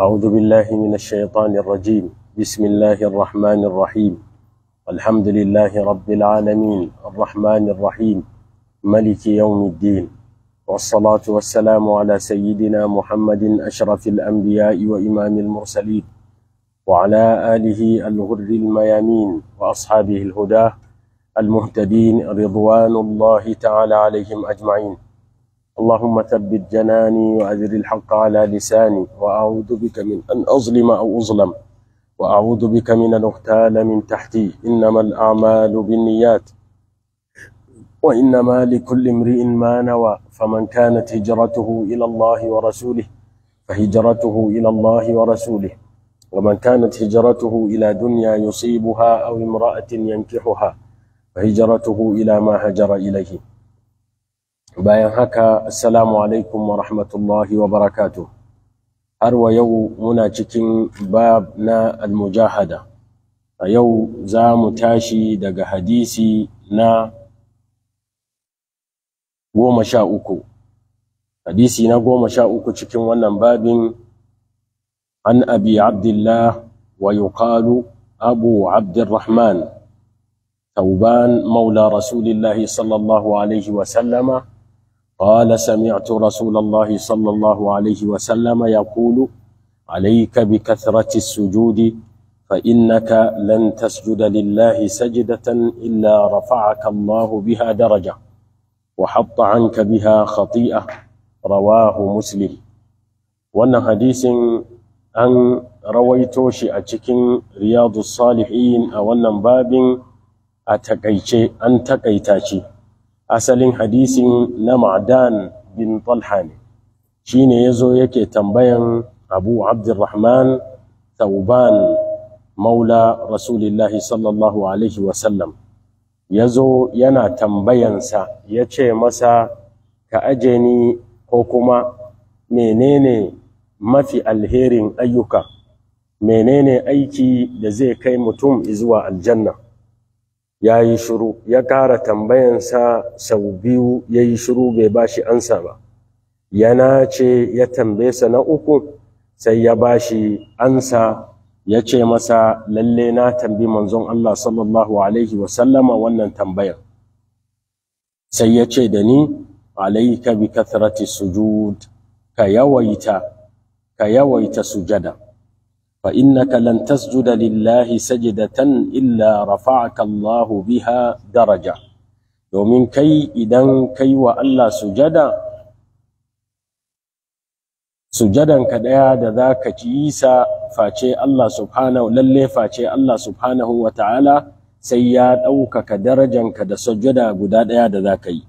أعوذ بالله من الشيطان الرجيم بسم الله الرحمن الرحيم الحمد لله رب العالمين الرحمن الرحيم ملك يوم الدين والصلاة والسلام على سيدنا محمد أشرف الأنبياء وإمام المرسلين وعلى آله الغر الميامين وأصحابه الهدى المهتدين رضوان الله تعالى عليهم أجمعين اللهم ثبت جناني وأجر الحق على لساني وأعوذ بك من أن أظلم أو أظلم وأعوذ بك من أن أغتال من تحتي إنما الأعمال بالنيات وإنما لكل امرئ ما نوى فمن كانت هجرته إلى الله ورسوله فهجرته إلى الله ورسوله ومن كانت هجرته إلى دنيا يصيبها أو امرأة ينكحها فهجرته إلى ما هجر إليه bayan haka assalamu alaikum wa rahmatullahi wa barakatuh har wa yau muna cikin bab na almujahada a yau za mu tashi daga hadisi na goma sha uku hadisi na goma sha uku cikin wannan babin an abi abdullah wa yuqalu abu abdurrahman tauban maula rasulillahi sallallahu alaihi wa sallama قال سمعت رسول الله صلى الله عليه وسلم يقول عليك بكثرة السجود فإنك لن تسجد لله سجدة إلا رفعك الله بها درجة وحط عنك بها خطيئة رواه مسلم وأن حديث أن رويته شئتك رياض الصالحين أو أن باب أتكيتشي أن asalin hadisin na Ma'adan bin talha ne shi ya yazo yake tambayan abu abdurrahman tauban maula rasulillahi sallallahu alaihi wasallam zo yana tambayansa ya ce masa ka aje ni ko kuma menene mafi alherin ayyuka menene aiki da zai kai mutum zuwa aljanna ya yi shiru ya ƙara tambayansa sau biyu ya yi shiru bai ba shi ansa ba yana ce ya tambaye sa na uku sai ya ba shi ansa ya ce masa lalle na tambi manzon Allah sallallahu alaihi wasallama wannan tambayar sai ya ce da ni alaika bi kathrati sujud ka yawaita ka yawaita sujada فإنك لن تسجد لله سجدة إلا رفعك الله بها درجة domin kai idan kai wa Allah sujada sujadanka ɗaya da za ka ci isa face Allah subhanahu lalle face Allah subhanahu wa ta'ala sai ya ɗaukaka darajanka da sujada guda ɗaya da za ka yi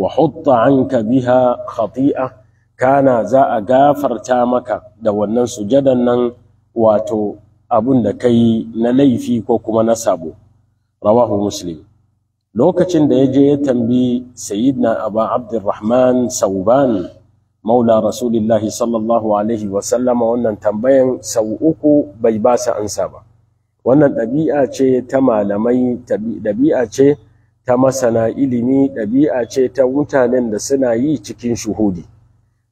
wa hutta anka biha khati'a kana za a gafarta maka da wannan sujadan nan wato abun da ka yi na laifi ko kuma na sabo rawahu muslim lokacin da ya je ya tambi Sayyidna aba abdurrahman sauban maula rasulillahi sallallahu alaihi wasallama wannan tambayan sau uku bai ba sa ansa ba wannan ɗabi'a ce ta malamai ɗabi'a ce ta masana ilimi ɗabi'a ce ta mutanen da suna yi cikin shuhudi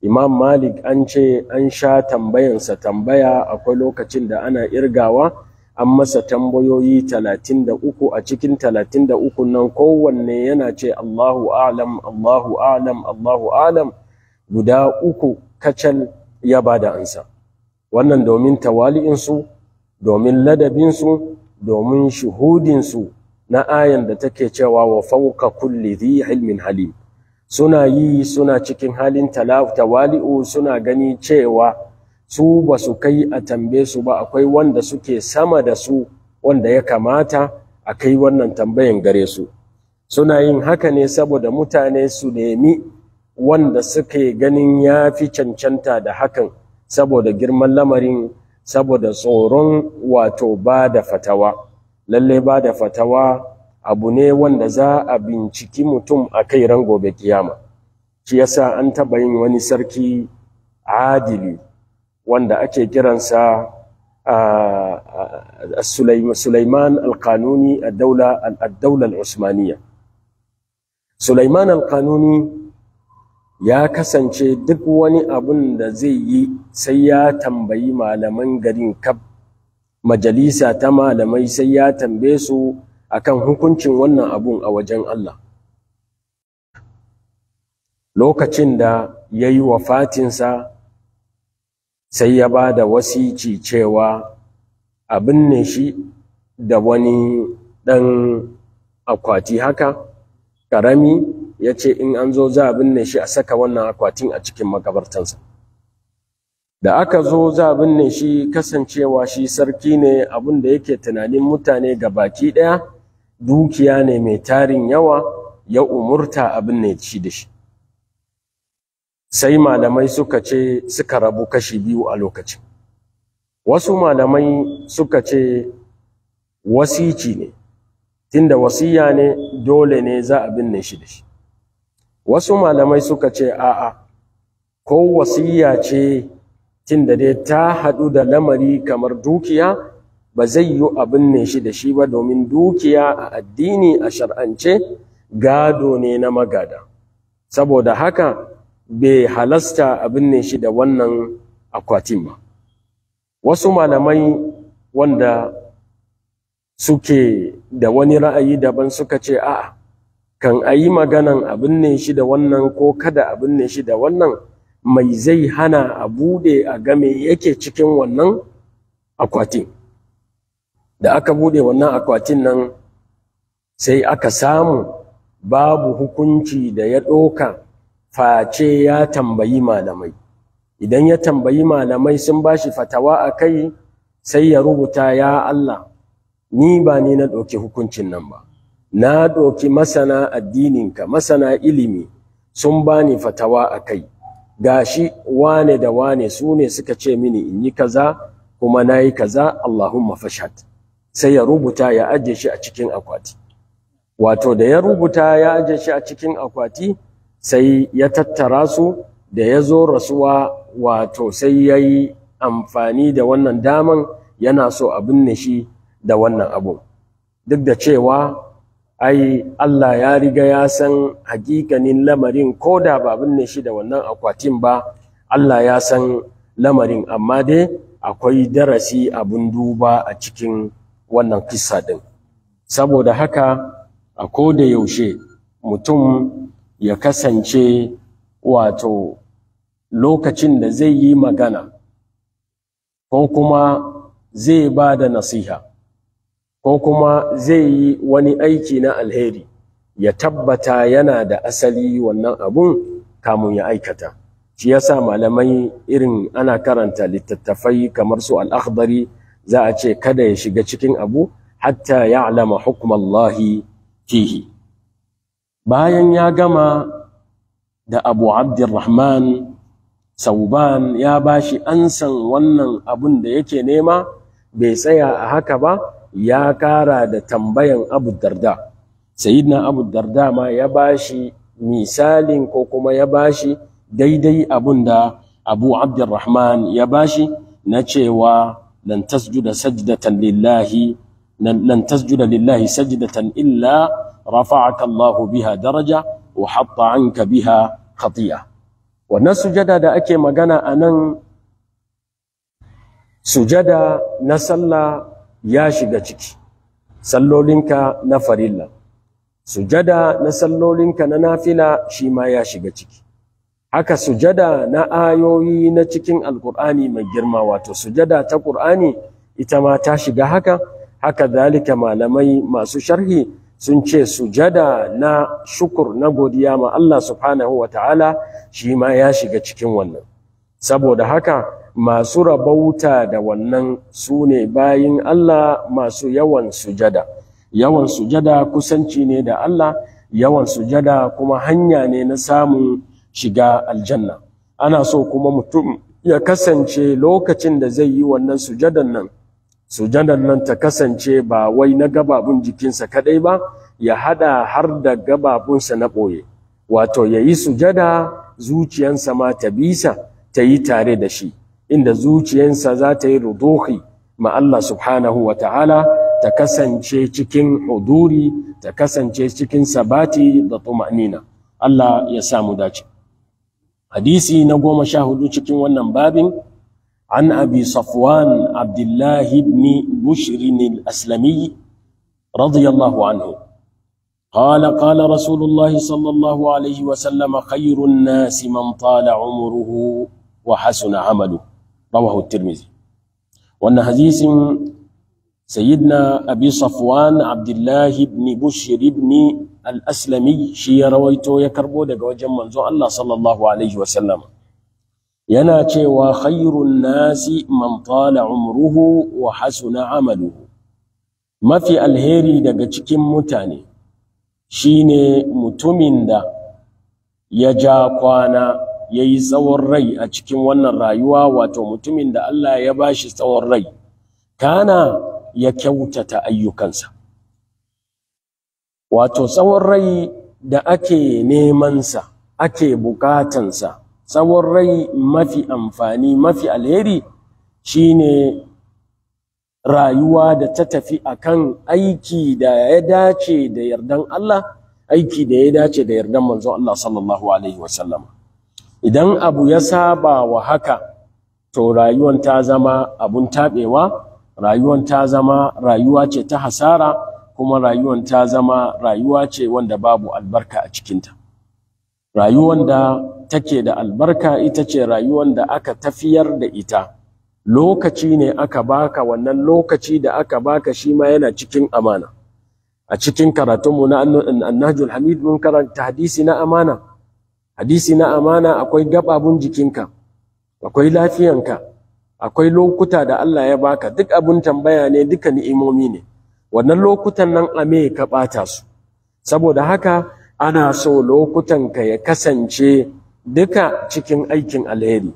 imam malik an ce an sha tambayansa tambaya akwai lokacin da ana irgawa an masa tambayoyi talatin da uku a cikin talatin da uku nan kowanne yana ce Allahu alam Allahu alam Allahu alam guda uku kacal ya bada ansa wannan domin tawali'insu domin ladabinsu domin shuhudinsu na ayan da take cewa wa fauka kulli dhi ilmin halim suna yi suna cikin halin tawali'u suna gani cewa su ba su kai a tambe su ba akwai wanda suke sama da su wanda ya kamata a kai wannan tambayan gare su suna yin haka ne saboda mutane su nemi wanda suke ganin ya fi cancanta da hakan saboda girman lamarin saboda tsoron wato ba da fatawa lalle ba da fatawa abu ne wanda za a binciki mutum a kai ran gobe kiyama shi yasa an taba yin wani sarki adili wanda ake kiransa Sulaiman alkanuni kanuni al-Daula Usmaniyya? usmaniya Sulaiman alkanuni ya kasance duk wani abun da zai yi sai ya tambayi malaman garin kab majalisa ta malamai sai ya tambaye su akan hukuncin wannan abun a wajen Allah lokacin da ya yi wafatinsa sai ya ba da wasici cewa abin ne shi da wani ɗan akwati haka ƙarami ya ce in an zo za abin ne shi a saka wannan akwatin a cikin makabartansa da aka zo za abin ne shi kasancewa shi sarki ne abin da yake tunanin mutane ga baki ɗaya dukiya ne mai tarin yawa ya umurta abin ne shi da shi sai malamai suka ce suka rabu kashi biyu a lokacin wasu malamai suka ce wasici ne tunda wasiya ne dole ne za a binne shi da shi wasu malamai suka ce a'a ko wasiya ce tunda dai ta haɗu da lamari kamar dukiya ba zai yi abin ne shi da shi ba domin dukiya a addini a shar'ance gado ne na magada saboda haka bai halasta abin ne shi da wannan akwatin ba wasu malamai wanda suke da wani ra'ayi daban suka ce a'a kan a yi maganan abin ne shi da wannan ko kada abin ne shi da wannan mai zai hana a bude a game yake cikin wannan akwatin da aka bude wannan akwatin nan sai aka samu babu hukunci da ya ɗoka face ya tambayi malamai idan ya tambayi malamai sun bashi fatawa a kai sai ya rubuta ya Allah ni ba ni na ɗauki hukuncin nan ba na ɗauki masana addininka masana ilimi sun bani fatawa a kai gashi wane da wane su ne suka ce mini in yi kaza kuma na yi kaza Allahumma fashad. sai ya rubuta ya ajiye shi a cikin akwati wato da ya rubuta ya ajiye shi a cikin akwati sai ya tattara su da ya zo rasuwa wato sai ya yi amfani da wannan daman yana so a binne shi da wannan abu duk da cewa ai Allah ya riga ya san hakikanin lamarin ko da ba binne shi da wannan akwatin ba Allah ya san lamarin amma dai akwai darasi abin duba a cikin wannan kissa din saboda haka a koda yaushe mutum ya kasance wato lokacin da zai yi magana ko kuma zai ba da nasiha ko kuma zai yi wani aiki na alheri ya tabbata yana da asali wannan abun kamun ya aikata shi yasa malamai irin ana karanta littattafai kamar su al'akbari za a ce kada ya shiga cikin abu hatta ya'lama hukumallahi, fihi bayan ya gama da Abu Abdurrahman Sauban ya bashi ansan wannan abun da yake nema bai tsaya a haka ba ya kara da tambayan Abu Darda na Abu Darda ma ya bashi misalin ko kuma ya bashi daidai abun da Abu Abdurrahman ya bashi na cewa lan tasjuda lillahi lan tasjuda lillahi sajdatan illa rafa'aka Allah biha daraja wa hatta biha khati'a wannan sujada da ake magana anan sujada na sallah ya shiga ciki sallolinka na farilla sujada na sallolinka na nafila shima ya shiga ciki haka sujada na ayoyi na cikin alkur'ani mai girma wato sujada ta ƙur'ani ita ma ta shiga haka haka zalika malamai masu sharhi sun ce sujada na shukur na godiya ma Allah subhanahu wa ta'ala shi ma ya shiga cikin wannan saboda haka masu rabauta da wannan su ne bayin Allah masu yawan sujada yawan sujada kusanci ne da Allah yawan sujada kuma hanya ne na samun shiga aljanna ana so kuma mutum ya kasance lokacin da zai yi wannan sujadan nan sujadan nan ta kasance ba wai na gababun jikinsa kadai ba ya hada har da gababunsa na ɓoye wato ya yi sujada zuciyansa ma ta bisa ta yi tare da shi inda zuciyansa za ta yi ruduhi ma Allah subhanahu wa ta'ala ta kasance cikin huduri ta kasance cikin sabati da tumanina Allah ya samu dace حديثي na goma sha hudu عن أبي صفوان عبد الله بن بشر الأسلمي رضي الله عنه قال قال رسول الله صلى الله عليه وسلم خير الناس من طال عمره وحسن عمله رواه الترمذي وأن حديث sayyidina abi safwan abdullahi ibn bushir al-aslami shi ya rawaito ya karbo daga wajen manzon Allah sallallahu yana cewa khairun nasi man tala umruhu wa hasuna amaluhu mafi alheri daga cikin mutane shine mutumin da ya ja kwana ya yi tsawon rai a cikin wannan rayuwa wato mutumin da Allah ya bashi tsawon rai kana ya kyautata ayyukansa wato tsawon rai da ake nemansa ake bukatansa tsawon rai mafi amfani mafi alheri shine rayuwa da ta tafi akan aiki da ya dace da yardan Allah aiki da ya dace da yardan manzon Allah sallallahu alaihi wasallam idan abu ya saba wa haka to rayuwan ta zama abun tabewa rayuwan ta zama rayuwa ce ta hasara kuma rayuwan ta zama rayuwa ce wanda babu albarka a cikinta rayuwan da take da albarka ita ce rayuwan da aka tafiyar da ita lokaci ne aka baka wannan lokaci da aka baka shi ma yana cikin amana a cikin karatunmu na annajul hamid mun karanta hadisi na amana hadisi na amana akwai gababun jikinka akwai lafiyanka akwai lokuta da Allah ya baka duk abun tambaya ne duka ni'imomi ne wannan lokutan nan a me ka ɓata su saboda haka ana so lokutan ka ya kasance duka cikin aikin alheri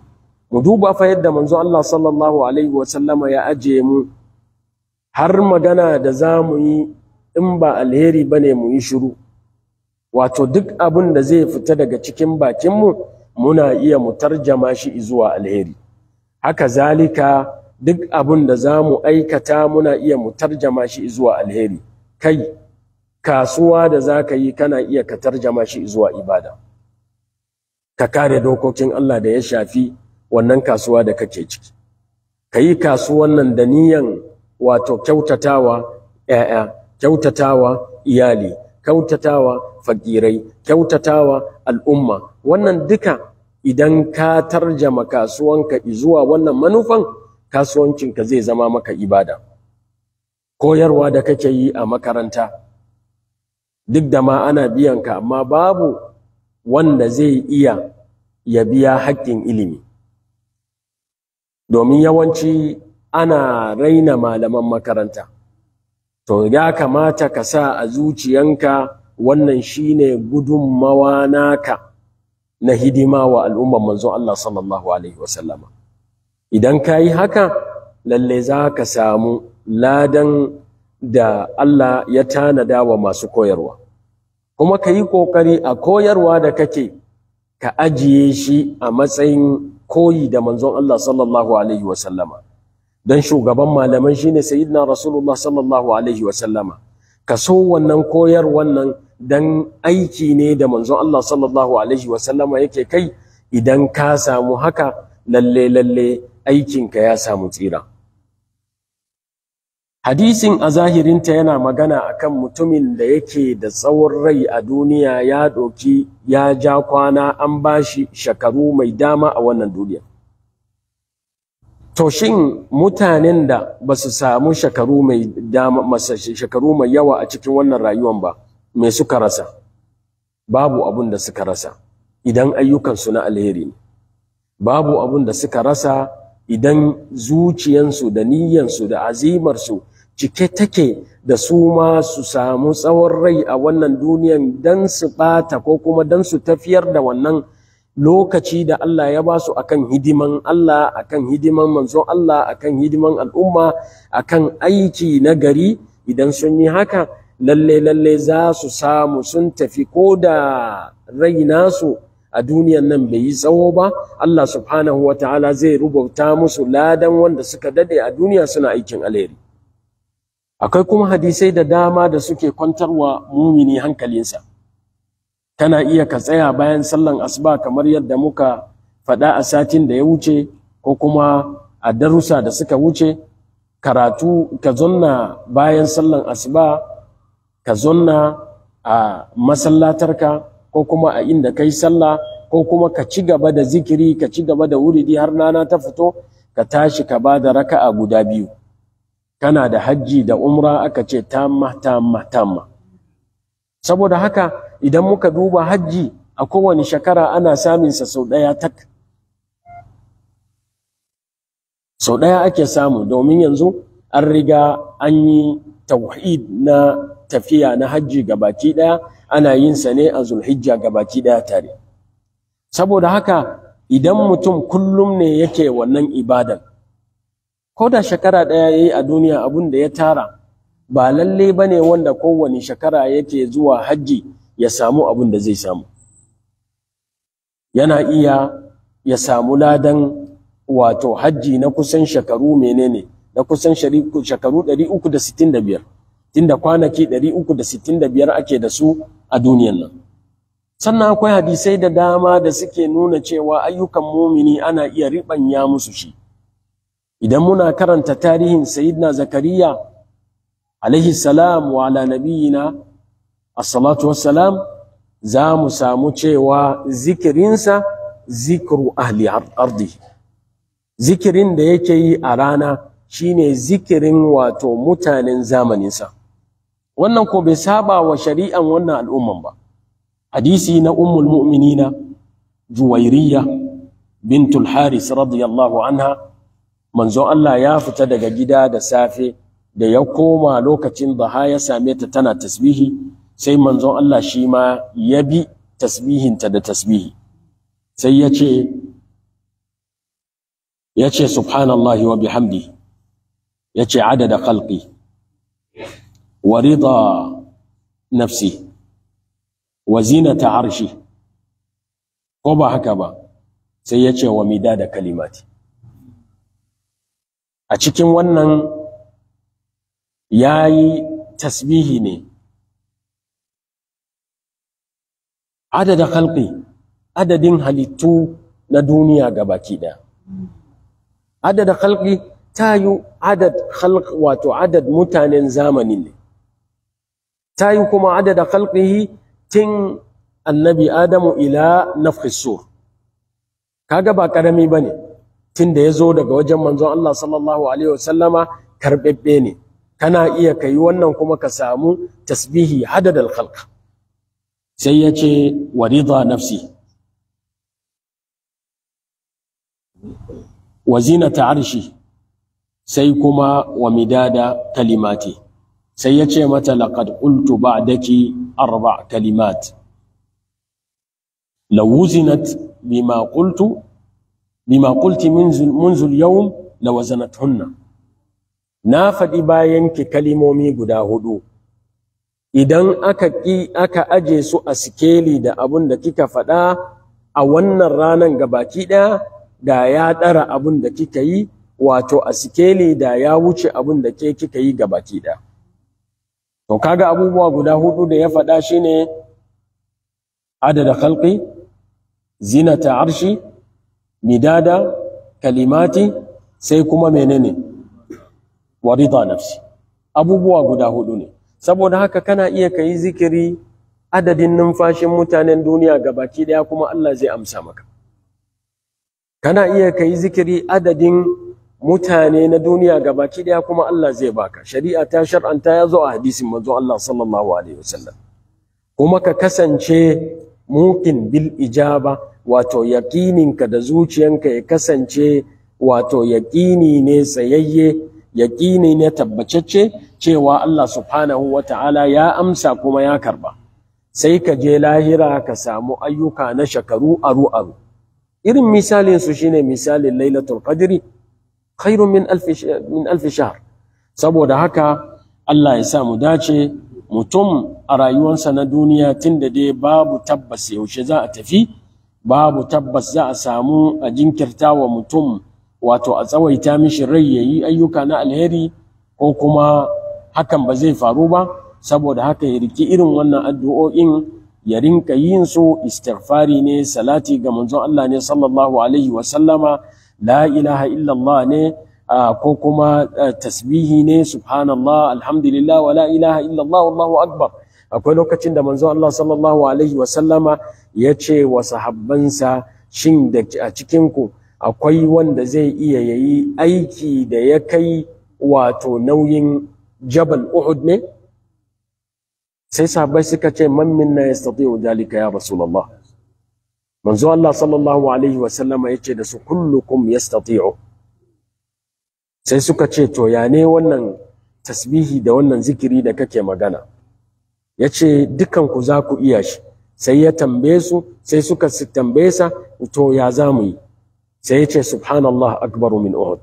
mu duba fa yadda manzo Allah sallallahu alaihi wa sallama ya aje mu har magana da za mu yi in ba alheri bane mu yi shiru wato duk abun da zai fita daga cikin bakinmu muna iya mu tarjama shi zuwa alheri haka zalika duk abin da za mu aikata muna iya mu tarjama shi zuwa alheri kai kasuwa da za ka yi kana iya ka tarjama shi zuwa ibada ka kare dokokin Allah da ya shafi wannan kasuwa da kake ciki ka yi kasuwan nan da niyan wato kyautatawa ‘ya'ya kyautatawa iyali kyautatawa fakirai kyautatawa al'umma wannan duka idan ka tarjama kasuwanka zuwa wannan manufan kasuwancinka zai zama maka ibada koyarwa da kake yi a makaranta duk da ma ana biyan ka amma babu wanda zai iya ya biya haƙƙin ilimi domin yawanci ana raina malaman makaranta to ya kamata ka sa a zuciyanka wannan shine gudunmawa naka na hidima wa al'umman manzon Allah sallallahu alaihi wasallama idan ka yi haka lalle za ka samu ladan da Allah ya tanada wa masu koyarwa kuma ka yi ƙoƙari a koyarwa da kake ka ajiye shi a matsayin koyi da manzon Allah sallallahu alaihi wasallama don shugaban malaman shine sayyidina rasulullah sallallahu alaihi wasallama ka so wannan koyar wannan dan aiki ne da manzon Allah sallallahu alaihi wasallama yake kai idan ka samu haka lalle lalle aikinka ya samu tsira hadisin a zahirinta yana magana akan mutumin da yake da tsawon rai a duniya ya doki ya ja kwana an bashi shekaru mai dama a wannan duniya to shin mutanen da ba su samu shekaru mai dama shekaru mai yawa a cikin wannan rayuwan ba me suka rasa babu abun da suka rasa idan ayyukansu na alheri ne babu abun da suka rasa idan zuciyansu da niyyansu da azimarsu cike take da su ma su samu tsawon rai a wannan duniyan don su bata ko kuma don su tafiyar da wannan lokaci da Allah ya ba su akan hidiman Allah akan hidiman manzon Allah akan hidiman al'umma akan aiki na gari idan sun yi haka lalle lalle za su samu sun tafi ko da rai nasu a duniyan nan bai yi tsawo ba Allah subhanahu wa ta'ala zai rubuta musu ladan wanda suka dade a duniya suna aikin alheri akwai kuma hadisai da dama da suke kwantarwa mumini hankalinsa Tana iya ka tsaya bayan sallan asuba kamar yadda muka faɗa a satin da ya wuce ko kuma a darussa da suka wuce karatu ka zonna bayan sallan asuba ka zonna a masallatarka ko kuma a inda kai sallah ko kuma ka ci gaba da zikiri ka ci gaba da wuridi har rana ta fito ka tashi ka ba da raka'a guda biyu kana da hajji da umra aka ce tamma tamma tamma saboda haka idan muka duba hajji a kowane shekara ana saminsa sau ɗaya tak sau ɗaya ake samu domin yanzu an riga an yi tauhid na tafiya na hajji gabaki ɗaya ana yin sa ne a zulhijja gabaki ɗaya tare saboda haka idan mutum kullum ne yake wannan ibadan ko da shekara ɗaya yayi a duniya abun da ya tara ba lalle ba ne wanda kowane shekara yake zuwa hajji ya samu abun da zai samu yana iya ya samu ladan wato hajji na kusan shekaru menene na kusan shekaru 365 tunda kwanaki 365 ake da su a duniyan nan sannan akwai hadisai da dama da suke nuna cewa ayyukan mumini ana iya riɓanya musu shi idan muna karanta tarihin sayyidina zakariya alaihi salam wa ala nabiyina assalatu wassalam za mu samu cewa zikirinsa zikiru ahli ardi zikirin da yake yi a rana shine zikirin wato mutanen zamaninsa wannan ko bai saba wa shari'an wannan al'umman ba hadisi na ummul mu'minina juwairiya bintul haris radiyallahu anha manzon Allah ya fita daga gida da safe da ya koma lokacin baha ya same ta tana tasbihi sai manzon Allah shi ma ya bi tasbihinta da tasbihi sai ya ce ya ce subhanallahi wa bihamdi ya ce adada khalqi wa rida nafsi Wazina ta harshe ko ba haka ba sai ya ce wa mida da kalimati a cikin wannan ya yi tasbihi ne adadin halittu na duniya ga baki ɗaya adada ta yi adad halk wato adad mutanen zamani ne ta yi kuma adada khalqihi tin annabi adamu ila Nafisur. kaga ba karami bane tun da ya zo daga wajen manzon Allah sallallahu alaihi wasallama karbebbe ne kana iya yi wannan kuma ka samu tasbihi adadal khalq sai ya ce wa rida nafsi Wazina ta arshi sai kuma wa midada kalimati sai ya ce mata laqad qultu ba'daki arba kalimat law wuzinat bima qultu bima qulti منذ اليوم لوزنتهن na faɗi bayan ki kalimomi guda hudu idan aka ƙi aka aje su a sikeli da abun da kika faɗa a wannan ranan gabaki ɗaya da ya ɗara abun da kika yi wato a sikeli da ya wuce abun da ke kika yi gabaki ɗaya to kaga abubuwa guda hudu da ya faɗa shine adada khalqi zinata arshi midada kalimati sai kuma menene warida nafsi abubuwa guda hudu ne saboda haka kana iya kayi zikiri adadin numfashin mutanen duniya gabaki daya kuma Allah zai amsa maka kana iya kayi zikiri adadin mutane na duniya gabaki daya kuma Allah zai baka shari'a ta shar'anta ya zo a hadisin manzo Allah sallallahu alaihi wasallam kuma ka kasance mukin bil ijaba wato ka da zuciyanka ya kasance wato yaqini ne sayayye yaqini ne tabbacacce cewa Allah subhanahu wataala ya amsa kuma ya karba sai ka je lahira ka samu ayyuka na shakaru aru aru irin misalin su shine misalin lailatul qadri khairun min alfi min alfi shahr saboda haka Allah ya sa mu dace mutum a rayuwarsa na duniya tunda dai babu tabbas yaushe za a tafi babu tabbas za a samu a jinkirta wa mutum wato a tsawaita mishi rai ya yi ayyuka na alheri ko kuma hakan ba zai faru ba saboda haka ya riki irin wannan addu'o'in ya rinka yin su istighfari ne salati ga manzon Allah ne sallallahu alaihi wa sallama la ilaha illallah ne ko kuma tasbihi ne subhanallah alhamdulillah wa la ilaha illallah wallahu akbar akwai lokacin da manzo Allah sallallahu alaihi wa sallama ya ce wa sahabbansa shin da a cikin ku akwai wanda zai iya yayi aiki da ya kai wato nauyin jabal Uhud ne sai sahabbai suka ce man minna yastati'u dalika ya rasulullah manzo Allah sallallahu alaihi wa ya yace da su kullukum yastati'u sai suka ce to ya ne wannan tasbihi da wannan zikiri da kake magana yace ce ku za ku iya shi sai ya tambaye su sai suka tambaye sa to ya za mu yi sai yace subhanallah akbaru min uhud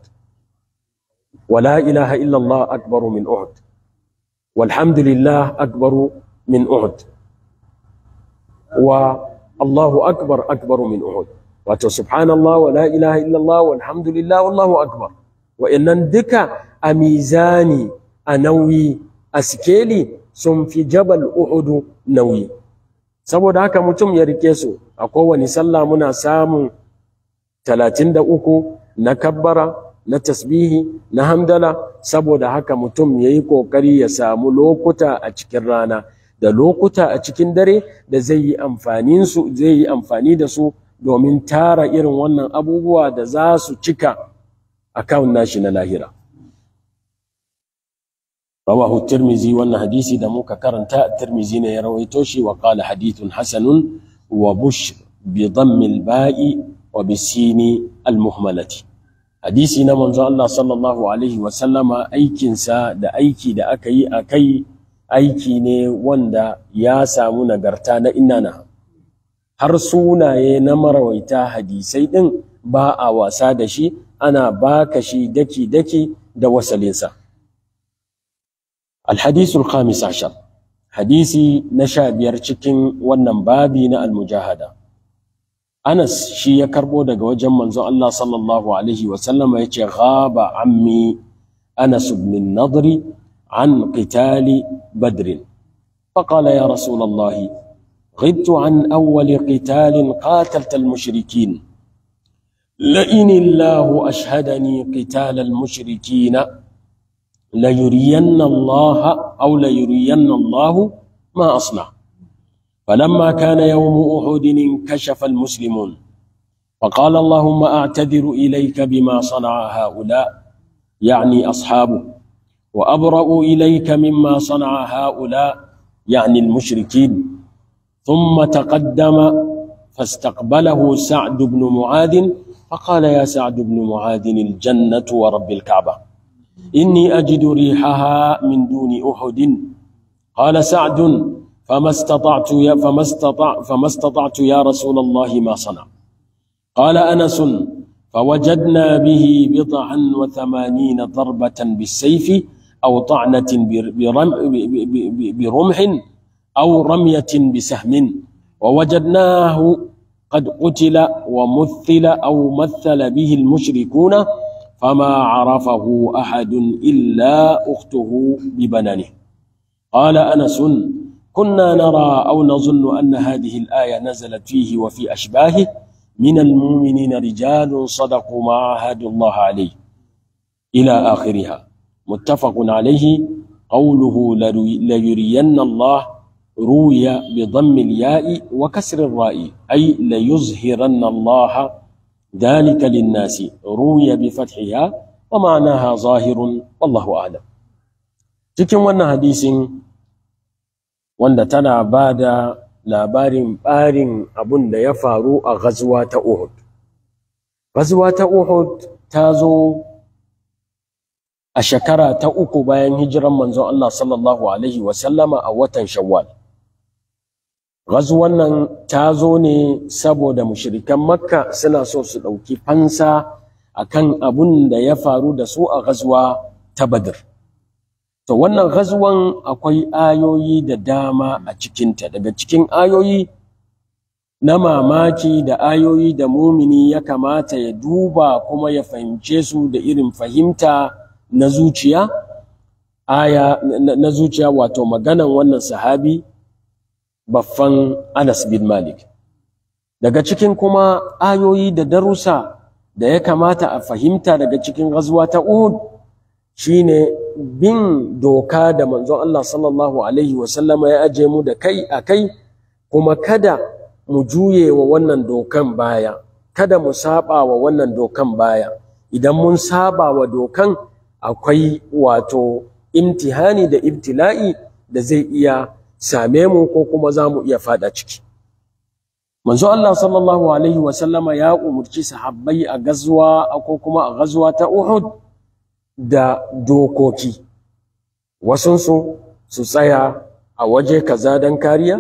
wala ilaha illallah akbaru min uhud walhamdulillah akbaru min uhud wa Allahu akbar akbaru min Uhud wato subhanallah wa la duka a mizani a nauyi a sikeli sun fi jabal Uhud nauyi saboda haka mutum ya rike su a kowane sallah muna samun 33 na kabbara na tasbihi na hamdala saboda haka mutum ya yi ƙoƙari ya samu lokuta a cikin rana da lokuta a cikin dare da zai yi amfani zai yi amfani da su domin tara irin wannan abubuwa da za su cika akawun nashi na lahira rawahu tirmizi wannan hadisi da muka karanta tirmizi na ya rawaito shi wa qala hadithun hasanun wa bush bi dhammil ba'i wa al-muhmalati hadisi na manzo Allah sallallahu alaihi wa sallama aikinsa da aiki da aka yi a kai aiki ne wanda ya samu nagarta na na har sunaye na marawaita hadisai ɗin ba a wasa da shi ana baka shi daki-daki da wasalinsa. Alhadisul Khamis Ashar Hadisi na sha biyar cikin wannan babi na almujahada. Anas shi ya karɓo daga wajen manzon Allah sallallahu Alaihi wasallama ya ce, Ghaba ammi Anas ibn Nadri عن قتال بدر فقال يا رسول الله غبت عن أول قتال قاتلت المشركين لئن الله أشهدني قتال المشركين ليرين الله أو ليرين الله ما أصنع فلما كان يوم أحد انكشف المسلمون فقال اللهم أعتذر إليك بما صنع هؤلاء يعني أصحابه وأبرأ إليك مما صنع هؤلاء يعني المشركين ثم تقدم فاستقبله سعد بن معاذ فقال يا سعد بن معاذ الجنة ورب الكعبة إني أجد ريحها من دون أحد قال سعد فما استطعت يا فما استطع فما استطعت يا رسول الله ما صنع قال أنس فوجدنا به بضعا وثمانين ضربة بالسيف أو طعنة برمح أو رمية بسهم ووجدناه قد قتل ومثل أو مثل به المشركون فما عرفه أحد إلا أخته ببنانه قال أنس كنا نرى أو نظن أن هذه الآية نزلت فيه وفي أشباهه من المؤمنين رجال صدقوا ما عاهدوا الله عليه إلى آخرها muttafaqun alaihi qawluhu la yuriyanna Allah ruya bi dhammi al-ya'i wa kasri rai ai la yuzhiranna Allah dhalika lin ruya bi fathiha wa ma'naha zahirun wallahu a'lam cikin wannan hadisin wanda tana ba labarin ɓarin abun da ya faru a gazwa ta Uhud. Gazuwa ta Uhud ta zo a shekara ta uku bayan hijiran manzon Allah sallallahu alaihi wasallama a watan Shawwal. Ghazwan wannan ta zo ne saboda mushirikan Makka suna so su ɗauki fansa akan abun da ya faru da su a gazuwa ta Badr. To wannan gazuwan, akwai ayoyi da dama a cikinta daga cikin ayoyi na mamaki da ayoyi da mumini ya kamata ya duba kuma ya fahimce su da irin fahimta na zuciya aya na zuciya wato maganan wannan sahabi baffan Anas bin Malik daga cikin kuma ayoyi da darussa da ya kamata a fahimta daga cikin gazuwa ta Uhud shine bin doka da manzon Allah sallallahu alaihi wasallama ya aje mu da kai a kai kuma kada mu juye wa wannan dokan baya kada mu saba wa wannan dokan baya idan mun saba wa dokan akwai wato imtihani da ibtila'i da zai iya same mu ko kuma za mu iya fada ciki manzo Allah sallallahu alaihi wa ya umarci sahabbai a gazuwa ko kuma a gazuwa ta Uhud da dokoki wasunsu su tsaya a waje kaza don kariya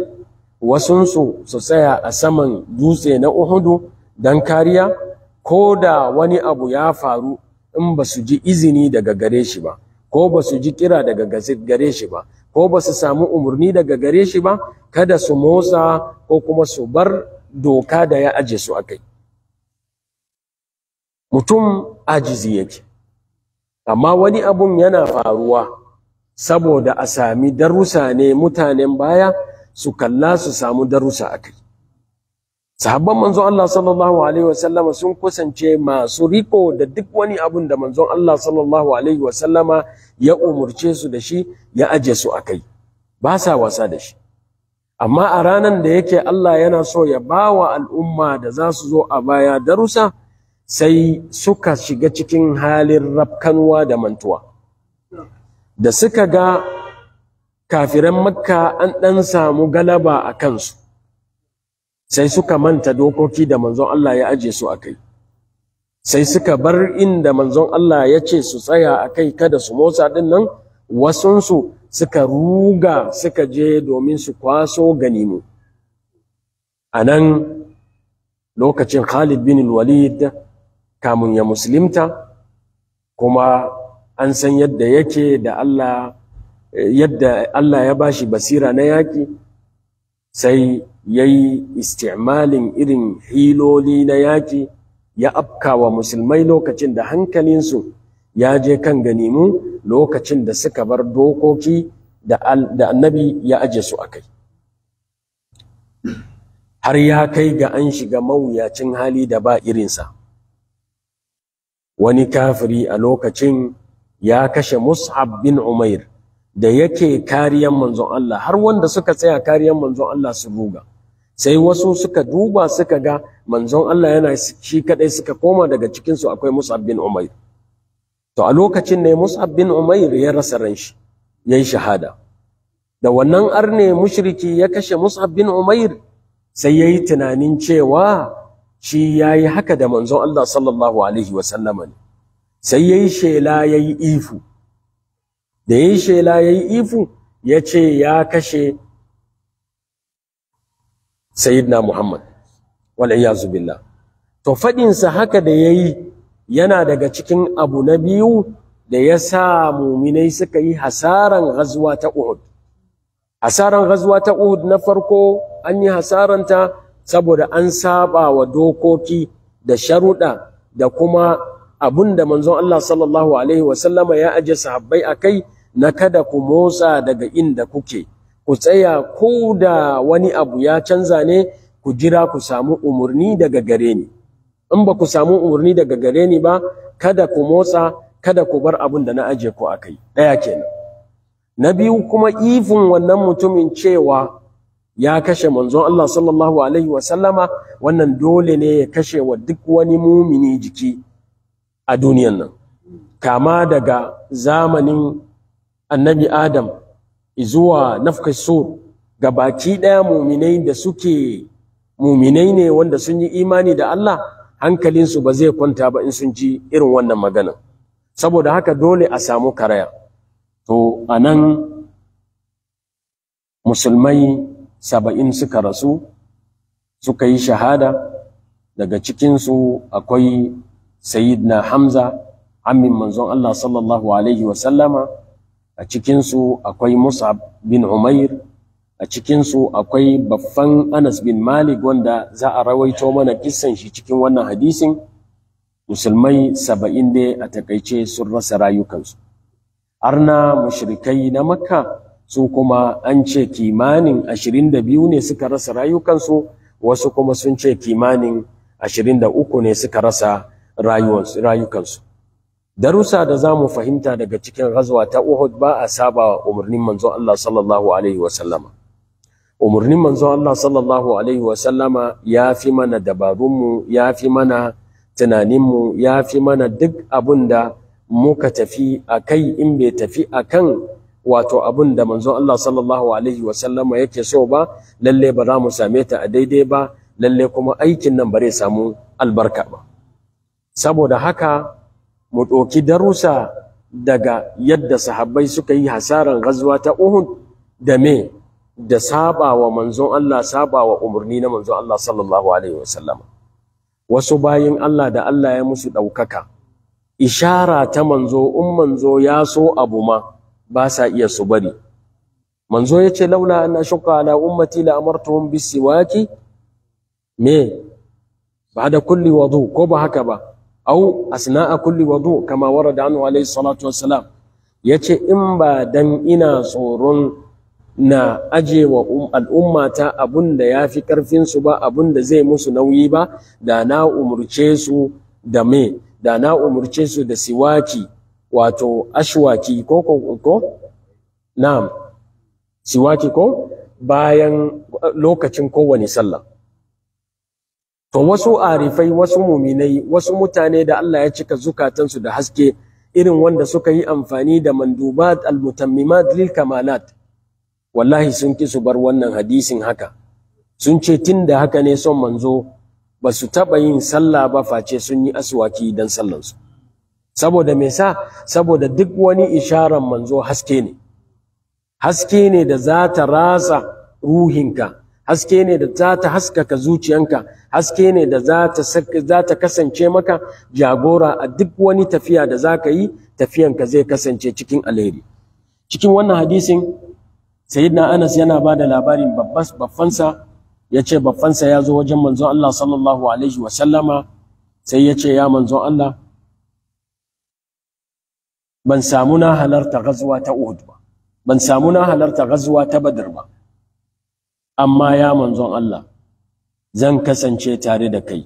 wasunsu su tsaya a saman dutse na Uhudu don kariya ko da wani abu ya faru in ba su ji izini daga gare shi ba ko ba su ji kira daga gare shi ba ko ba su samu umarni daga gare shi ba kada su motsa ko kuma su bar doka da ya aje su akai mutum ajizi yake amma wani abun yana faruwa saboda a sami darussa ne mutanen baya su kalla su samu darussa akai sahabban manzon Allah sallallahu alaihi wasallama sun kusance masu riko da duk wani abun da manzon Allah sallallahu alaihi wasallama ya umurce su da shi ya aje su akai ba sa wasa da shi amma a ranan da yake Allah yana so ya bawa al'umma da za su zo a baya darusa sai suka shiga cikin halin rafkanuwa da mantuwa da suka ga kafiran makka an ɗan samu galaba a kansu sai suka manta dokoki da manzon Allah ya aje su a kai sai suka bar inda manzon Allah ya ce su tsaya a kai kada su motsa din nan wasunsu suka ruga suka je domin su kwaso ganimu a nan lokacin Khalid bin Walid kamun ya musulunta kuma an san yadda yake da Allah yadda Allah ya bashi basira na yaƙi sai ya yi istimalin irin hiloli na yaƙi ya afkawa musulmai lokacin da hankalinsu ya je kan ganimu lokacin da suka bar dokoki da annabi ya aje su a kai har ya kai ga an shiga mawuyacin hali da ba irinsa wani kafiri a lokacin ya kashe mus'ab bin umair da yake kariyan manzon Allah har wanda suka tsaya kariyan manzon Allah su ruga sai wasu suka duba suka ga manzon Allah yana shi kadai suka koma daga cikin su akwai Mus'ab bin Umair to a lokacin ne Mus'ab bin Umair ya rasa ranshi yayi shahada da wannan arne mushriki ya kashe Mus'ab bin Umair sai yayi tunanin cewa shi yayi haka da manzon Allah sallallahu alaihi wasallama ne sai yayi shela yayi ifu da yayi shela yayi ifu yace ya kashe sayyidina Muhammad wal iyazu billah to fadin sa haka da yayi yana daga cikin abu na biyu da ya sa muminai suka yi hasaran ghazwa ta Uhud hasaran ghazwa ta Uhud na farko an yi hasaranta saboda an saba wa dokoki da sharuda da kuma abun da manzon Allah sallallahu alaihi wasallama ya aje sahabbai akai na kada ku motsa daga inda kuke ku tsaya ko da wani abu ya canza ne ku jira ku samu umarni daga gare ni in ba ku samu umarni daga gare ni ba kada ku motsa kada ku bar abin da na aje ku a kai ɗaya kenan na biyu kuma ifin wannan mutumin cewa ya kashe manzon Allah sallallahu alaihi wa sallama wannan dole ne ya kashe wa duk wani mumini jiki a duniyan nan kama daga zamanin annabi Adam izuwa sur ga baki ɗaya muminai da suke muminai ne wanda sun yi imani da Allah hankalinsu ba zai kwanta ba in sun ji irin wannan magana saboda haka dole a samu karaya to a nan musulmai saba'in suka rasu suka yi shahada daga cikinsu akwai na hamza amin manzon Allah sallallahu alaihi wasallama a cikinsu akwai Mus'ab bin Umair a cikinsu akwai baffan Anas bin Malik wanda za a rawaito mana kissan shi cikin wannan hadisin musulmai saba'in ne a takaice sun rasa rayukansu arna mushrikai na makka su kuma an ce kimanin ashirin da biyu ne suka rasa rayukansu wasu kuma sun ce kimanin ashirin da uku ne suka rasa rayukansu darussa da za mu fahimta daga cikin ghazwa ta Uhud ba a saba umarnin manzon Allah sallallahu alaihi wa sallama umarnin manzon Allah sallallahu alaihi wa sallama ya fi mana dabarunmu ya fi mana tunaninmu ya fi mana duk abun da muka tafi a kai in bai tafi akan wato abun da manzon Allah sallallahu alaihi wa sallama yake so ba lalle ba za mu same ta a daidai ba lalle kuma aikin nan ba zai samu albarka ba saboda haka mu ɗauki darusa daga yadda sahabbai suka yi hasaran gazuwa ta Uhud da me da saba wa manzon Allah saba wa umarni na manzon Allah sallallahu alaihi wasallam wasu bayin Allah da Allah ya musu ɗaukaka ishara ta manzo in manzo ya so abu ma ba sa iya su bari manzo ya ce laula anna shuka ala ummati la amartuhum bisiwaki me ba da kulli wadu ko ba haka ba au asna'a kulli wudu kama warada anhu alayhi salatu wassalam yace in ba dan ina tsoron na aje wa um, al'ummata abun da ya fi ƙarfinsu ba abun da zai musu nauyi ba da na umurce su da me da na umurce su da siwaki wato ashwaki ko ko ko na'am siwaki ko bayan lokacin kowane sallah to wasu arifai wasu muminai wasu mutane da Allah ya cika zukatansu da haske irin wanda suka yi amfani da mandubat al-mutammimat lil kamalat wallahi sun ki su bar wannan hadisin haka sun ce tun da haka ne son manzo ba su taɓa yin sallah ba face sun yi aswaki don sallansu saboda me sa saboda duk wani isharar manzo haske ne haske ne da za ta ratsa ruhinka haske ne da za ta haskaka zuciyanka haske ne da za ta kasance maka jagora a duk wani tafiya da za ka yi tafiyanka zai kasance cikin alheri cikin wannan hadisin sayyidina anas yana ba da labarin babbansa ya ce babbansa ya zo wajen manzon allah sallallahu alaihi sallama sai ya ce ya manzon allah ban samu na halarta gazuwa ta uhud ba ban samu na halarta gazuwa ta badr ba amma ya manzon Allah zan kasance tare da kai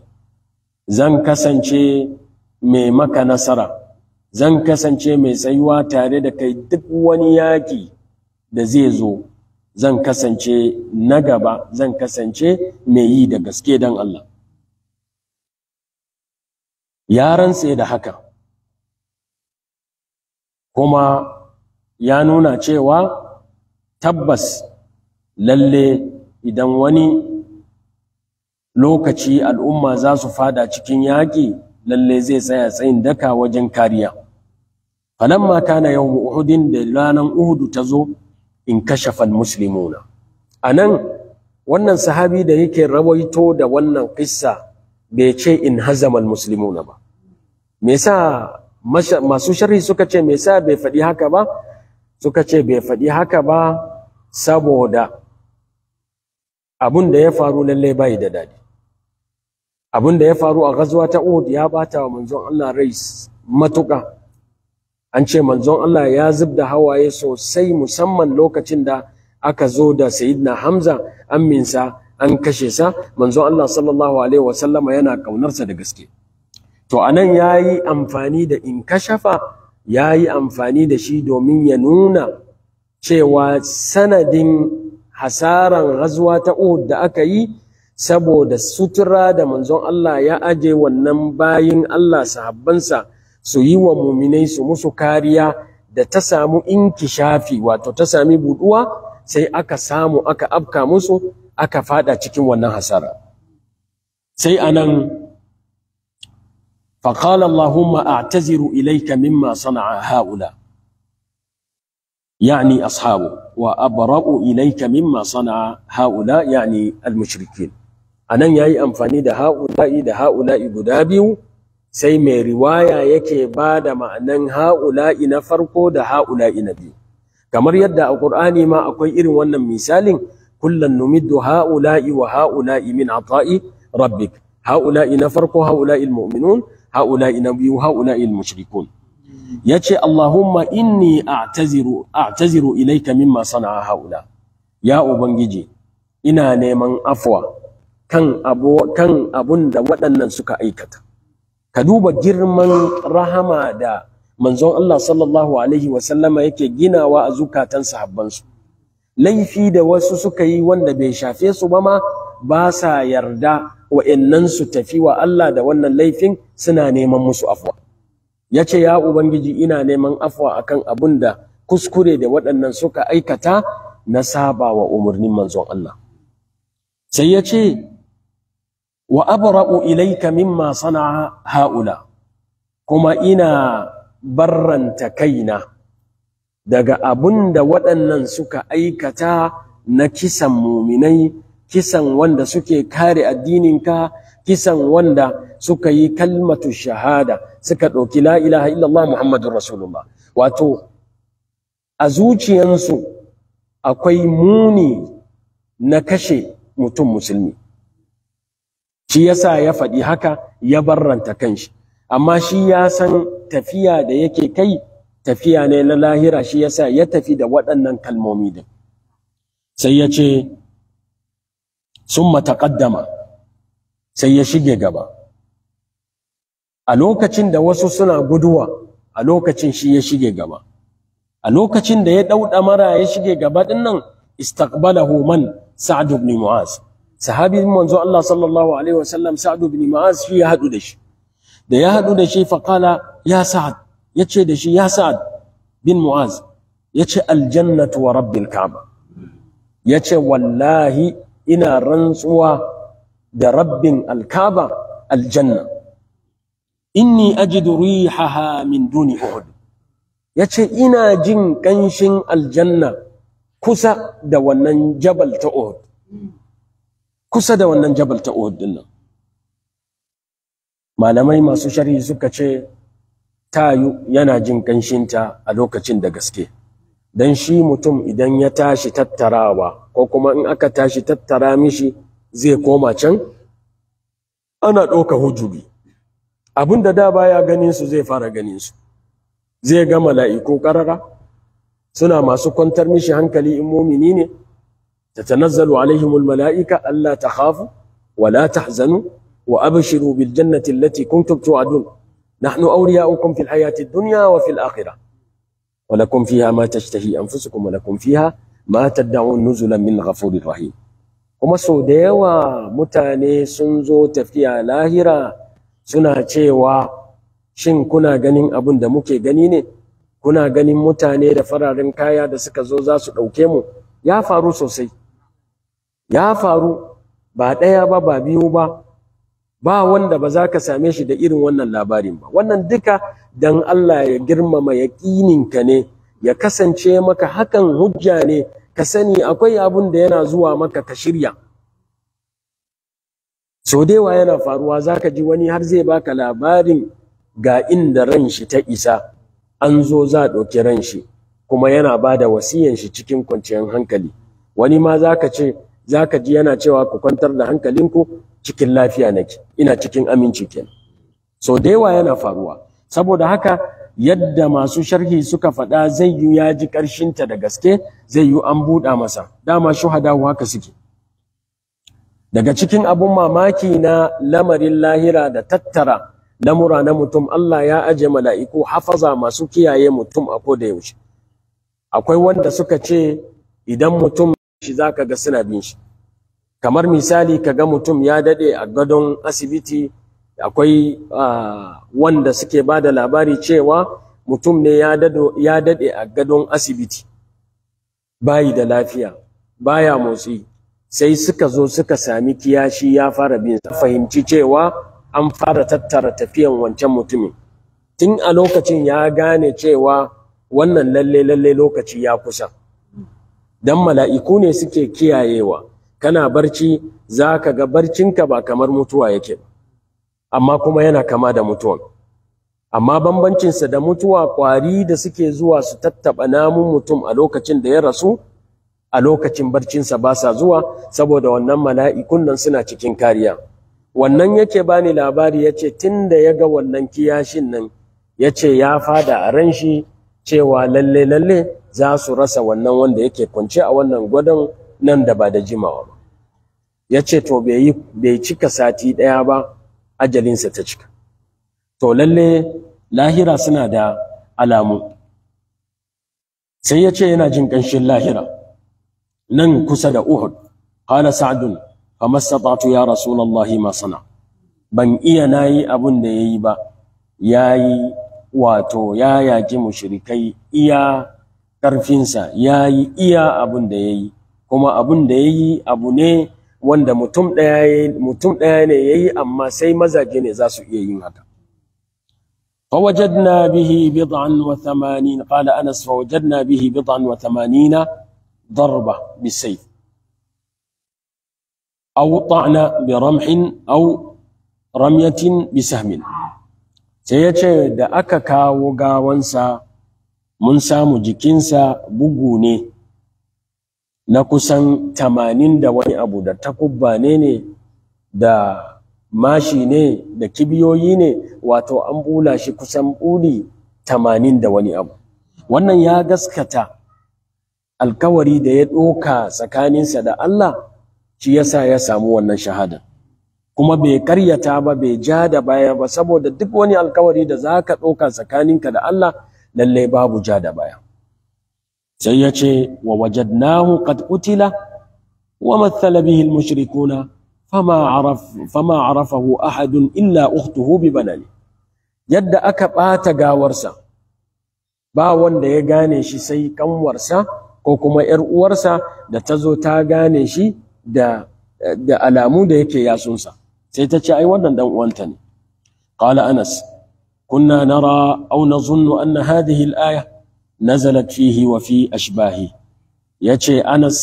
zan kasance mai maka nasara zan kasance mai tsayuwa tare da kai duk wani yaƙi da zai zo zan kasance na gaba zan kasance mai yi da gaske don Allah ya rantse da haka kuma ya nuna cewa tabbas lalle idan wani lokaci al'umma za su fada cikin yaƙi lalle zai tsaya tsayin daka wajen kariya ma kana yau uhudin da ranar uhudu ta zo in musulmuna A nan, wannan sahabi da yake rawaito da wannan kissa bai ce in hazamal musulmuna ba me yasa masu sharhi suka ce me yasa bai faɗi haka ba suka ce bai faɗi haka ba saboda abun da ya faru lallai bai da dadi abun da ya faru a gazuwa ta Uhud ya bata wa manzon Allah rai matuka an ce manzon Allah ya zubda hawaye sosai musamman lokacin da aka zo da sayyidina Hamza aminsa an kashe sa manzon Allah sallallahu alaihi sallama yana kaunarsa da gaske to anan yayi amfani da in kashafa yayi amfani da shi domin ya nuna cewa sanadin hasaran razuwa ta Uhud da aka yi saboda sutura da manzon Allah ya aje wannan bayin Allah sahabbansa su yi wa muminai su musu kariya da ta samu inkishafi wato ta sami buduwa sai aka samu aka afka musu aka fada cikin wannan hasara sai anan faqala allahumma a'taziru ilayka mimma sana'a haula يعني أصحابه وأبرأ إليك مما صنع هؤلاء يعني المشركين أنا يأي أنفاني ده هؤلاء ده هؤلاء قدابيو سي مي رواية يكي بعد ما أنن هؤلاء نفرقو ده هؤلاء نبي كما يدى القرآن ما أقوي إرن ونن مثال كلا نمد هؤلاء وهؤلاء من عطاء ربك هؤلاء نفرقو هؤلاء المؤمنون هؤلاء نبي وهؤلاء المشركون Ya yace Allahumma inni a'taziru a'taziru ilayka mimma sana'a haula ya ubangiji ina neman afwa kan abun da waɗannan suka aikata ka duba girman rahama da manzon Allah sallallahu alaihi wasallama yake ginawa a zukatan sahabbansu laifi da wasu suka yi wanda bai shafe su ba ma ba sa yarda wa'annan su tafi wa Allah da wannan laifin suna neman musu afwa ya ce ya ubangiji ina neman afwa akan abun da kuskure da waɗannan suka aikata na saba wa umarnin manzon Allah sai ya ce wa abra'u ilayka mimma sana'a haula kuma ina barranta kaina daga abun da waɗannan suka aikata na kisan muminai kisan wanda suke kare addininka kisan wanda suka yi kalmatu shahada suka ɗauki la ilaha illallah muhammadun rasulullah wato a zuciyansu akwai muni na kashe mutum musulmi shi yasa ya faɗi haka ya barranta kanshi amma shi ya san tafiya da yake kai tafiya ne na lahira shi yasa ya tafi da waɗannan kalmomi din sai ya ce sun mataƙaddama sai ya shige gaba a lokacin da wasu suna guduwa a lokacin shi ya shige gaba a lokacin da ya ɗauɗa mara ya shige gaba ɗin nan istaqbalahu man sa'ad ibn mu'az sahabi manzo Allah sallallahu alaihi wasallam ibn mu'az shi ya haɗu da shi da ya haɗu da shi faƙala ya sa'ad ya ce da shi ya sa'ad bin mu'az ya ce aljannatu wa rabbil ka'ba ya ce wallahi ina rantsuwa da rabbin alkaba aljanna inni ajidu rihaha min duni uhud yace ina jin kanshin aljanna kusa da wannan jabal ta uhud kusa da wannan jabal ta uhud din malamai masu sharhi suka ce tayu yana jin ta a lokacin da gaske dan shi mutum idan ya tashi tattarawa ko kuma in aka tashi tattara mishi zai koma can ana ɗauka hujubi abin da da baya ganin su zai fara ganin su zai ga mala'iku karara suna masu kwantar mishi hankali in mumini ne tatanazzalu alaihimul mala'ika alla takhafu wa la tahzanu wa abshiru bil jannati allati kuntum tu'adun nahnu awliya'ukum fil hayati dunya wa fil akhirah wa lakum fiha ma tashtahi anfusukum wa lakum fiha ma tad'un nuzulan min ghafurir rahim kuma so da yawa mutane sun zo tafiya lahira suna cewa shin kuna ganin abin da muke gani ne kuna ganin mutane da fararen kaya da suka zo za su ɗauke mu ya faru sosai ya faru ba ɗaya ba ba biyu ba ba wanda ba za ka same shi da irin wannan labarin ba wannan duka dan Allah ya girmama yaƙininka ne ya kasance maka hakan hujja ne ka sani akwai abin da yana zuwa maka ka shirya so dewa yana faruwa za ka ji wani har zai baka labarin ga inda ran shi ta isa an zo za a ɗauki ran shi kuma yana ba da wasiyan shi cikin kwanciyar hankali wani ma ka ce ka ji yana cewa ku kwantar da hankalinku cikin lafiya nake ina cikin aminci ke. so dewa yana faruwa saboda haka yadda masu sharhi suka faɗa zai yi ya ji ƙarshinta da gaske zai yi an buɗa masa dama shuhada haka suke daga cikin abun mamaki na lamarin lahira da tattara lamura na mutum Allah ya aje mala'iku hafaza masu kiyaye mutum a ko koda yaushe akwai wanda suka ce idan mutum shi zaka ga suna bin shi kamar misali kaga mutum ya dade a gadon asibiti akwai wanda suke ba da labari cewa mutum ne ya dade a gadon asibiti bayi da lafiya baya motsi sai suka zo suka sami kiyashi ya fara bin sa fahimci cewa an fara tattara tafiyan wancan mutumin tun a lokacin ya gane cewa wannan lalle lalle lokaci ya kusa dan mala'iku ne suke kiyayewa kana barci zaka ga barcinka ba kamar mutuwa yake amma kuma yana kama da mutuwan amma bambancinsa da mutuwa kwari da suke zuwa su tattaɓa namun mutum a lokacin da ya rasu a lokacin barcinsa ba sa zuwa saboda wannan mala'ikun nan suna cikin kariya wannan yake bani labari yace tunda ya ga wannan kiyashin nan yace ya fada a ran shi cewa lalle lalle za su rasa wannan wanda yake kwance a wannan gwadon nan da ba da jimawa ba yace to bai bai cika sati daya ba ajalinsa ta cika to lalle lahira suna da alamu sai yace yana jin kanshin lahira nan kusa da Uhud qala sa'dun famastata'tu ya rasulullahi ma sana ban iya nayi abun da yayi ba yayi wato ya yaki mushrikai iya ƙarfinsa yayi iya abun da yayi kuma abun da yayi abu ne wanda mutum ɗaya ne ya ne yayi amma sai mazaje ne za su iya yin haka فوجدنا به بضعا وثمانين قال أنس فوجدنا به بضعا وثمانين ضربة بالسيف أو طعن برمح أو رمية بسهم سيأتي da aka kawo gawansa mun samu jikinsa bugu ne na kusan tamanin da wani abu da takubba ne da mashi da kibiyoyi ne wato an bula shi kusan buli tamanin da wani abu wannan ya gaskata alkawari da ya ɗoka tsakaninsa da Allah shi yasa ya samu wannan shahada kuma bai karyata ba bai ja da baya ba saboda duk wani alkawari da za ka ɗoka tsakaninka da Allah lallai babu ja da baya sai ya ce wa wajadnahu qad qutila wa mathala bihi almushrikuna fama araf fama arafahu ahadun illa ukhtuhu bi banani yadda aka ɓata gawarsa ba wanda ya gane shi sai kanwarsa ko kuma ‘yar uwarsa da ta zo ta gane shi da, alamu da yake yasunsa sai ta ce ai wannan dan uwanta ne qala anas kunna nara aw nazunnu anna hadhihi al-aya nazalat fihi wa fi ashbahi yace anas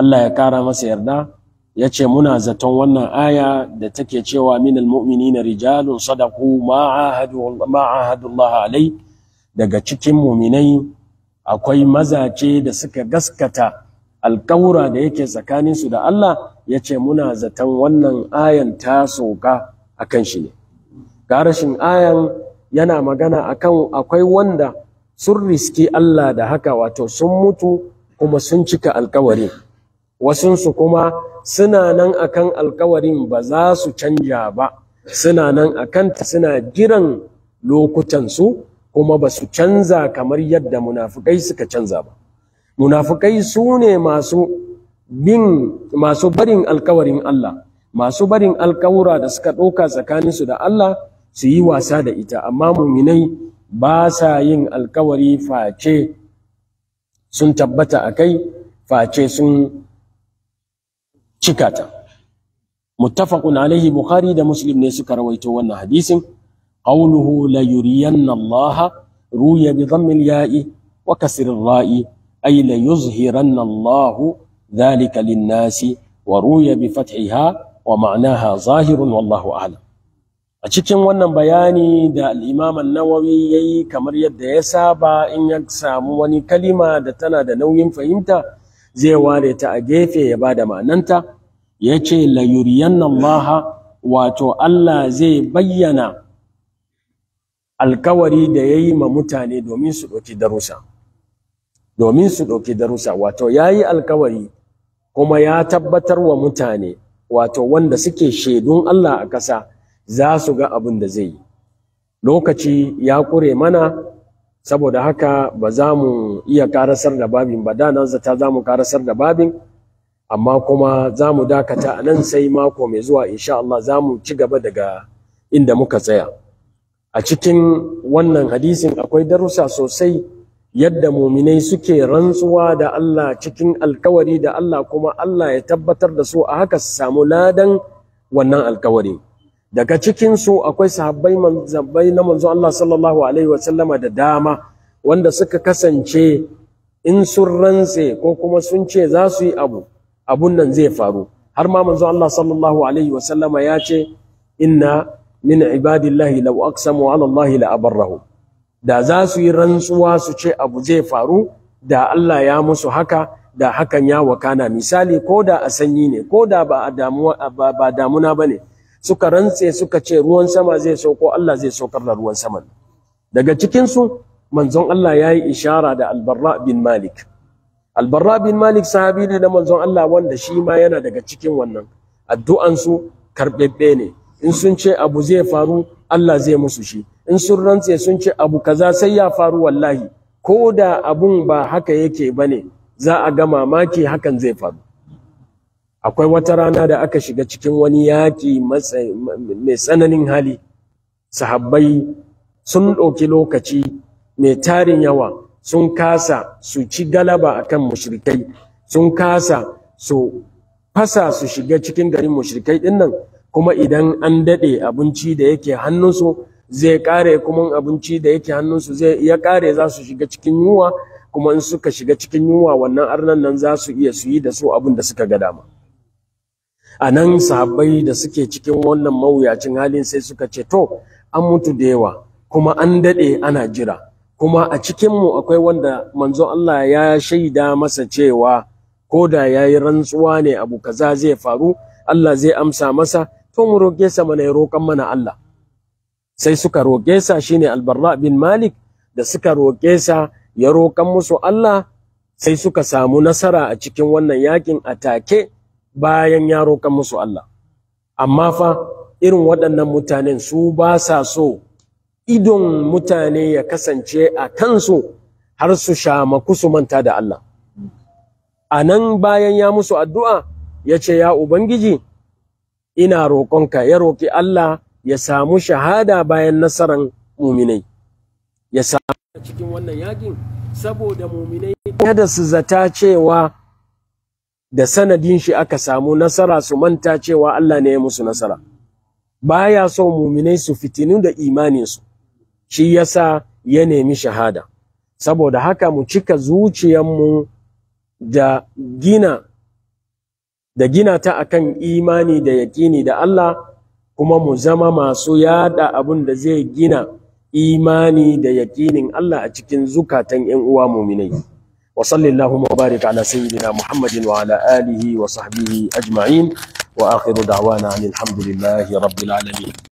Allah ya kara masa yarda yace muna zaton wannan aya da take cewa minal mu'minina rijalun sadaqu ma ahadu ma ahadu Allah alai daga cikin mu'minai akwai mazace da suka gaskata alƙawura da yake tsakaninsu da Allah ya ce muna zaton wannan ayan ta soka a kan shi ne garashin ayan yana magana akan akwai wanda sun riski Allah da haka wato sun mutu kuma sun cika alkawari wasunsu kuma suna nan akan alkawarin ba za su canja ba suna nan akanta suna jiran lokutansu kuma ba su canza kamar yadda munafukai suka canza ba munafukai su ne masu bin masu barin alkawarin Allah masu barin alkawura da suka ɗauka tsakaninsu da Allah su yi wasa da ita amma muminai ba sa yin alkawari face sun tabbata a kai face sun cikata. muttafaqun alaihi bukhari da muslim ne suka rawaito wannan hadisin قوله لا ليرين الله روي بضم الياء وكسر الراء أي لا يظهرن الله ذلك للناس وروي بفتحها ومعناها ظاهر والله أعلم أتشكين ونن بياني دا الإمام النووي يي كمر يد يسابا إن يقسام وني كلمة دا دا نويم فهمتا زي واري تأجيفي يبادا ما ننتا يتشي ليرين الله واتو الله زي بيّنا alkawari da ya yi ma mutane domin su ɗauki darussa domin su ɗauki darussa wato ya yi alkawari kuma ya tabbatar wa mutane wato wanda suke shaidun Allah a ƙasa za su ga abin da zai yi lokaci ya ƙure mana saboda haka ba za mu iya karasar da babin ba da nan zata za mu karasar da babin amma kuma za mu dakata a nan sai mako mai zuwa insha Allah za mu ci gaba daga inda muka tsaya a cikin wannan hadisin akwai darussa sosai yadda muminai suke rantsuwa da Allah cikin alkawari da Allah kuma Allah ya tabbatar da su a haka su samu ladan wannan alkawari daga cikin su akwai sahabbai manzabai na manzo Allah sallallahu alaihi wa da dama wanda suka kasance in sun rantse ko kuma sun ce za su yi abu abun nan zai faru har ma manzo Allah sallallahu alaihi wa ya ce inna min ibadillahi law aqsamu ala allahi la abarrahu da za su yi rantsuwa su ce abu zai faru da Allah ya musu haka da hakan ya wakana misali ko da a sanyi ne ko da ba ba damuna ba ne suka rantse suka ce ruwan sama zai sauko Allah zai saukar da ruwan sama daga cikinsu manzon Allah ya yi ishara da albarra bin malik albarra bin malik sahabi ne na manzon Allah wanda shi ma yana daga cikin wannan addu'ansu karɓaɓɓe ne in sun ce abu zai faru Allah zai musu shi in sun rantse sun ce abu kaza sai ya faru wallahi ko da abun ba haka yake bane za a ga mamaki hakan zai faru akwai wata rana da aka shiga cikin wani yaƙi mai tsananin hali sahabbai sun ɗauki lokaci mai tarin yawa sun kasa su ci galaba akan mushrikai sun kasa su fasa su shiga cikin garin mushrikai ɗin kuma idan an daɗe abinci da yake hannunsu zai ƙare kuma abinci da yake hannunsu zai ya kare za su shiga cikin yunwa kuma in suka shiga cikin yunwa wannan arnan nan za su iya su yi da su abin da suka ga dama a nan sahabbai da suke cikin wannan mawuyacin halin sai suka ce to an mutu da yawa kuma an daɗe ana jira kuma a cikinmu akwai wanda manzon Allah ya shaida masa cewa ko da ya yi rantsuwa ne abu kaza zai faru Allah zai amsa masa to mu roƙe sa mana ya roƙan mana Allah sai suka roƙe sa shine albarra bin malik da suka roƙe sa ya roƙan musu Allah sai suka samu nasara a cikin wannan yakin atake bayan ya roƙan musu Allah amma fa irin waɗannan mutanen su ba sa so idon mutane ya kasance a kansu har su shamaku su manta da Allah a nan bayan ya musu addu'a ya ce ya Ubangiji ina roƙonka ya roƙi Allah ya samu shahada bayan nasaran muminai ya samu cikin wannan yakin saboda muminai kada su zata cewa da sanadin shi aka samu nasara su manta cewa Allah ne ya musu nasara baya so muminai su fitinu da imaninsu shi yasa ya nemi shahada saboda haka mu cika zuciyarmu da gina da gina ta akan imani da yaƙini da Allah kuma mu zama masu yada abun da zai gina imani da yaƙinin Allah a cikin zukatan ƴan uwa muminai wa sallallahu wa barik ala sayyidina Muhammadin wa ala alihi wa sahbihi ajma'in wa akhiru da'wana alhamdulillahi rabbil alamin